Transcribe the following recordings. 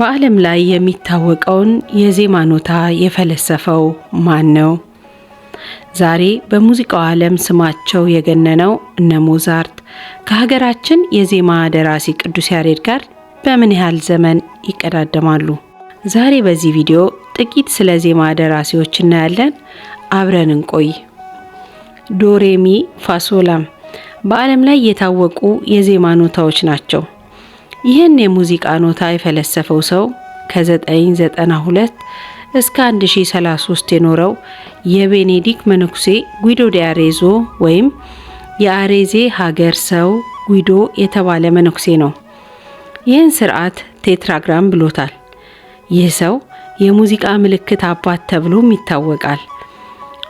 በዓለም ላይ የሚታወቀውን የዜማ ኖታ የፈለሰፈው ማን ነው? ዛሬ በሙዚቃው ዓለም ስማቸው የገነነው እነ ሞዛርት ከሀገራችን የዜማ ደራሲ ቅዱስ ያሬድ ጋር በምን ያህል ዘመን ይቀዳደማሉ? ዛሬ በዚህ ቪዲዮ ጥቂት ስለ ዜማ ደራሲዎች እናያለን። አብረን እንቆይ። ዶሬሚ ፋሶላም በዓለም ላይ የታወቁ የዜማ ኖታዎች ናቸው። ይህን የሙዚቃ ኖታ የፈለሰፈው ሰው ከ992 እስከ 1033 የኖረው የቤኔዲክ መነኩሴ ጉዶ ዲ አሬዞ ወይም የአሬዜ ሀገር ሰው ጉዶ የተባለ መነኩሴ ነው። ይህን ስርዓት ቴትራግራም ብሎታል። ይህ ሰው የሙዚቃ ምልክት አባት ተብሎም ይታወቃል።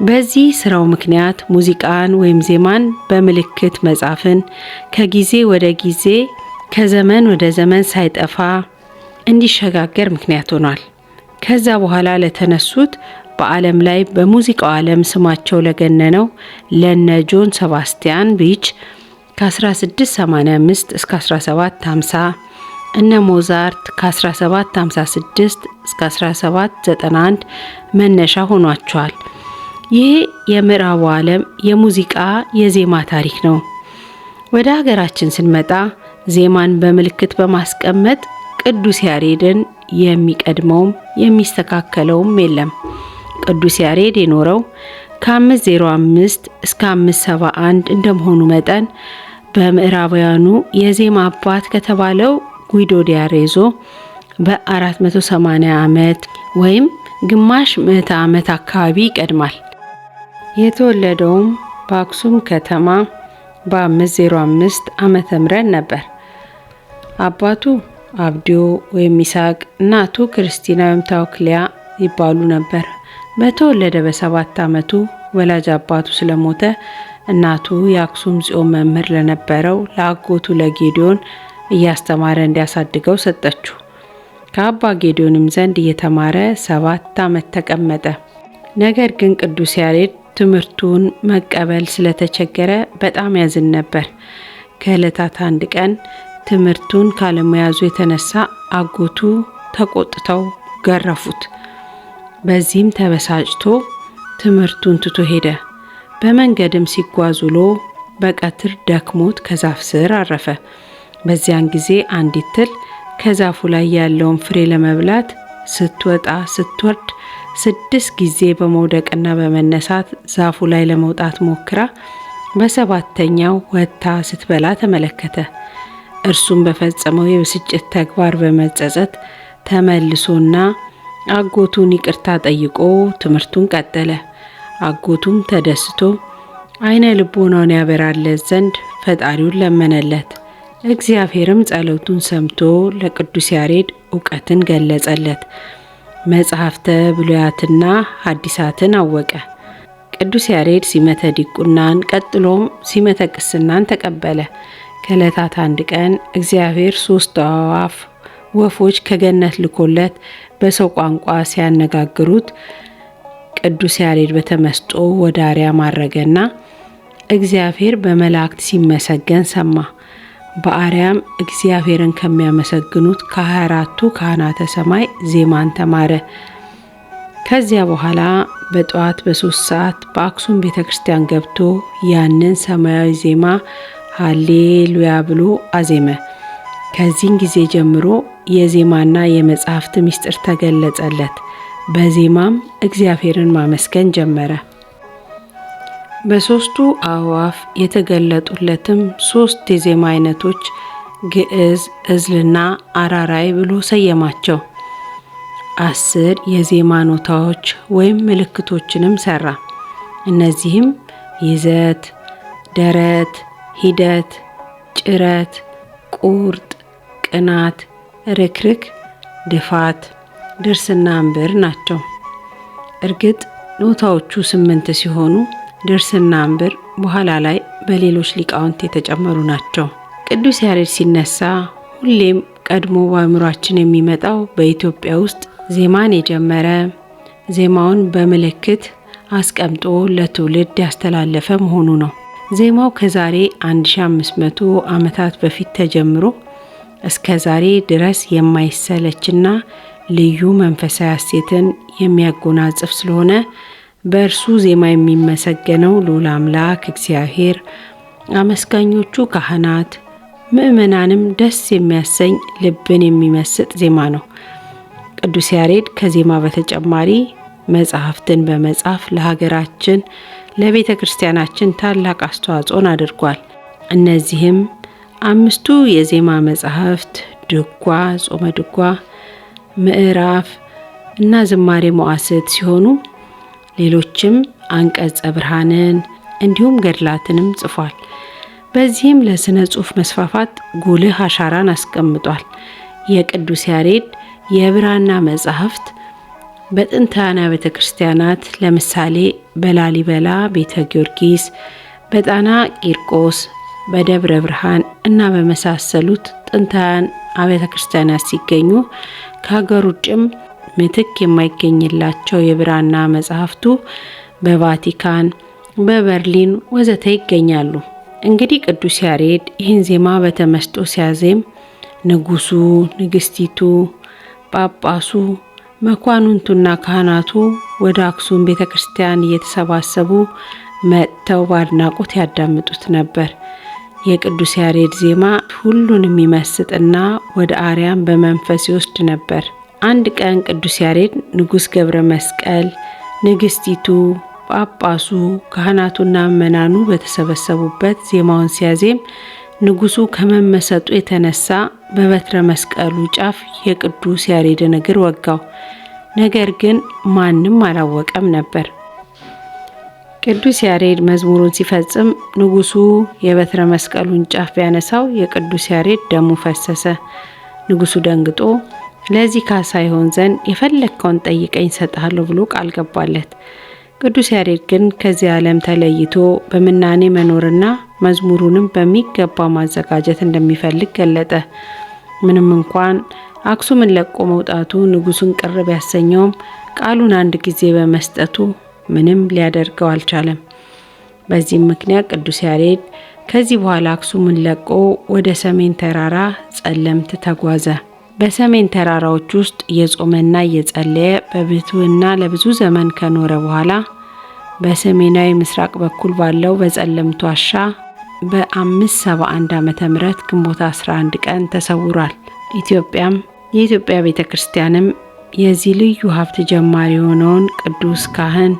በዚህ ስራው ምክንያት ሙዚቃን ወይም ዜማን በምልክት መጻፍን ከጊዜ ወደ ጊዜ ከዘመን ወደ ዘመን ሳይጠፋ እንዲሸጋገር ምክንያት ሆኗል። ከዛ በኋላ ለተነሱት በዓለም ላይ በሙዚቃው ዓለም ስማቸው ለገነነው ለነ ጆን ሰባስቲያን ቢች ከ1685 እስከ 1750 እነ ሞዛርት ከ1756 እስከ 1791 መነሻ ሆኗቸዋል። ይህ የምዕራቡ ዓለም የሙዚቃ የዜማ ታሪክ ነው። ወደ ሀገራችን ስንመጣ ዜማን በምልክት በማስቀመጥ ቅዱስ ያሬድን የሚቀድመውም የሚስተካከለውም የለም። ቅዱስ ያሬድ የኖረው ከ505 እስከ 571 እንደመሆኑ መጠን በምዕራባውያኑ የዜማ አባት ከተባለው ጉይዶ ዲያሬዞ በ480 ዓመት ወይም ግማሽ ምዕተ ዓመት አካባቢ ይቀድማል። የተወለደውም በአክሱም ከተማ በ505 ዓመተ ምህረት ነበር። አባቱ አብዲዮ ወይም ይስሐቅ፣ እናቱ ክርስቲና ወይም ታውክሊያ ይባሉ ነበር። በተወለደ በሰባት ዓመቱ ወላጅ አባቱ ስለሞተ እናቱ የአክሱም ጽዮን መምህር ለነበረው ለአጎቱ ለጌዲዮን እያስተማረ እንዲያሳድገው ሰጠችው። ከአባ ጌዲዮንም ዘንድ እየተማረ ሰባት ዓመት ተቀመጠ። ነገር ግን ቅዱስ ያሬድ ትምህርቱን መቀበል ስለተቸገረ በጣም ያዝን ነበር። ከዕለታት አንድ ቀን ትምህርቱን ካለመያዙ የተነሳ አጎቱ ተቆጥተው ገረፉት። በዚህም ተበሳጭቶ ትምህርቱን ትቶ ሄደ። በመንገድም ሲጓዝ ውሎ በቀትር ደክሞት ከዛፍ ስር አረፈ። በዚያን ጊዜ አንዲት ትል ከዛፉ ላይ ያለውን ፍሬ ለመብላት ስትወጣ ስትወርድ ስድስት ጊዜ በመውደቅና በመነሳት ዛፉ ላይ ለመውጣት ሞክራ በሰባተኛው ወጥታ ስትበላ ተመለከተ። እርሱም በፈጸመው የብስጭት ተግባር በመጸጸት ተመልሶና አጎቱን ይቅርታ ጠይቆ ትምህርቱን ቀጠለ። አጎቱም ተደስቶ አይነ ልቦናውን ያበራለት ዘንድ ፈጣሪውን ለመነለት። እግዚአብሔርም ጸሎቱን ሰምቶ ለቅዱስ ያሬድ እውቀትን ገለጸለት። መጽሐፍተ ብሉያትና ሐዲሳትን አወቀ። ቅዱስ ያሬድ ሲመተ ዲቁናን ቀጥሎም ሲመተ ቅስናን ተቀበለ። ከእለታት አንድ ቀን እግዚአብሔር ሶስት አዕዋፍ ወፎች ከገነት ልኮለት በሰው ቋንቋ ሲያነጋግሩት ቅዱስ ያሬድ በተመስጦ ወደ አርያም አረገና እግዚአብሔር በመላእክት ሲመሰገን ሰማ። በአርያም እግዚአብሔርን ከሚያመሰግኑት ከሀያ አራቱ ካህናተ ሰማይ ዜማን ተማረ። ከዚያ በኋላ በጠዋት በሶስት ሰዓት በአክሱም ቤተ ክርስቲያን ገብቶ ያንን ሰማያዊ ዜማ ሃሌሉያ ብሎ አዜመ። ከዚህን ጊዜ ጀምሮ የዜማና የመጽሐፍት ምስጢር ተገለጸለት። በዜማም እግዚአብሔርን ማመስገን ጀመረ። በሦስቱ አእዋፍ የተገለጡለትም ሦስት የዜማ አይነቶች ግዕዝ፣ እዝልና አራራይ ብሎ ሰየማቸው። አስር የዜማ ኖታዎች ወይም ምልክቶችንም ሰራ። እነዚህም ይዘት፣ ደረት ሂደት፣ ጭረት፣ ቁርጥ፣ ቅናት፣ ርክርክ፣ ድፋት፣ ድርስና እንብር ናቸው። እርግጥ ኖታዎቹ ስምንት ሲሆኑ ድርስና እንብር በኋላ ላይ በሌሎች ሊቃውንት የተጨመሩ ናቸው። ቅዱስ ያሬድ ሲነሳ ሁሌም ቀድሞ በአእምሯችን የሚመጣው በኢትዮጵያ ውስጥ ዜማን የጀመረ ዜማውን በምልክት አስቀምጦ ለትውልድ ያስተላለፈ መሆኑ ነው። ዜማው ከዛሬ 1500 ዓመታት በፊት ተጀምሮ እስከ ዛሬ ድረስ የማይሰለችና ልዩ መንፈሳዊ አሴትን የሚያጎናጽፍ ስለሆነ በእርሱ ዜማ የሚመሰገነው ልዑል አምላክ እግዚአብሔር፣ አመስጋኞቹ ካህናት፣ ምዕመናንም ደስ የሚያሰኝ ልብን የሚመስጥ ዜማ ነው። ቅዱስ ያሬድ ከዜማ በተጨማሪ መጽሐፍትን በመጻፍ ለሀገራችን ለቤተ ክርስቲያናችን ታላቅ አስተዋጽኦን አድርጓል። እነዚህም አምስቱ የዜማ መጻሕፍት፣ ድጓ፣ ጾመ ድጓ፣ ምዕራፍ እና ዝማሬ መዋስት ሲሆኑ ሌሎችም አንቀጸ ብርሃንን እንዲሁም ገድላትንም ጽፏል። በዚህም ለስነ ጽሑፍ መስፋፋት ጉልህ አሻራን አስቀምጧል። የቅዱስ ያሬድ የብራና መጻሕፍት በጥንታውያን ቤተ ክርስቲያናት ለምሳሌ በላሊበላ ቤተ ጊዮርጊስ፣ በጣና ቂርቆስ፣ በደብረ ብርሃን እና በመሳሰሉት ጥንታውያን አብያተ ክርስቲያናት ሲገኙ ከሀገር ውጭም ምትክ የማይገኝላቸው የብራና መጽሐፍቱ በቫቲካን፣ በበርሊን ወዘተ ይገኛሉ። እንግዲህ ቅዱስ ያሬድ ይህን ዜማ በተመስጦ ሲያዜም ንጉሱ፣ ንግስቲቱ፣ ጳጳሱ መኳንንቱና ካህናቱ ወደ አክሱም ቤተ ክርስቲያን እየተሰባሰቡ መጥተው በአድናቆት ያዳምጡት ነበር። የቅዱስ ያሬድ ዜማ ሁሉን የሚመስጥና ወደ አርያም በመንፈስ ይወስድ ነበር። አንድ ቀን ቅዱስ ያሬድ ንጉሥ ገብረ መስቀል፣ ንግሥቲቱ፣ ጳጳሱ፣ ካህናቱና ምዕመናኑ በተሰበሰቡበት ዜማውን ሲያዜም ንጉሱ ከመመሰጡ የተነሳ በበትረ መስቀሉ ጫፍ የቅዱስ ያሬድን እግር ወጋው። ነገር ግን ማንም አላወቀም ነበር። ቅዱስ ያሬድ መዝሙሩን ሲፈጽም ንጉሱ የበትረ መስቀሉን ጫፍ ቢያነሳው የቅዱስ ያሬድ ደሙ ፈሰሰ። ንጉሱ ደንግጦ ለዚህ ካሳ ይሆን ዘንድ የፈለግከውን ጠይቀኝ ሰጥሃለሁ ብሎ ቃል ገባለት። ቅዱስ ያሬድ ግን ከዚህ ዓለም ተለይቶ በምናኔ መኖርና መዝሙሩንም በሚገባ ማዘጋጀት እንደሚፈልግ ገለጠ። ምንም እንኳን አክሱምን ለቆ መውጣቱ ንጉሱን ቅር ቢያሰኘውም ቃሉን አንድ ጊዜ በመስጠቱ ምንም ሊያደርገው አልቻለም። በዚህም ምክንያት ቅዱስ ያሬድ ከዚህ በኋላ አክሱምን ለቆ ወደ ሰሜን ተራራ ጸለምት ተጓዘ። በሰሜን ተራራዎች ውስጥ እየጾመና እየጸለየ በብሕትውና ለብዙ ዘመን ከኖረ በኋላ በሰሜናዊ ምስራቅ በኩል ባለው በጸለምቱ ዋሻ በ571 ዓ ም ግንቦት 11 ቀን ተሰውሯል። ኢትዮጵያም የኢትዮጵያ ቤተ ክርስቲያንም የዚህ ልዩ ሀብት ጀማሪ የሆነውን ቅዱስ ካህን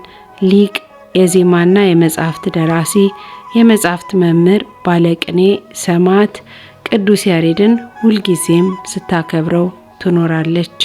ሊቅ፣ የዜማና የመጻሕፍት ደራሲ፣ የመጻሕፍት መምህር፣ ባለቅኔ፣ ሰማዕት ቅዱስ ያሬድን ሁልጊዜም ስታከብረው ትኖራለች።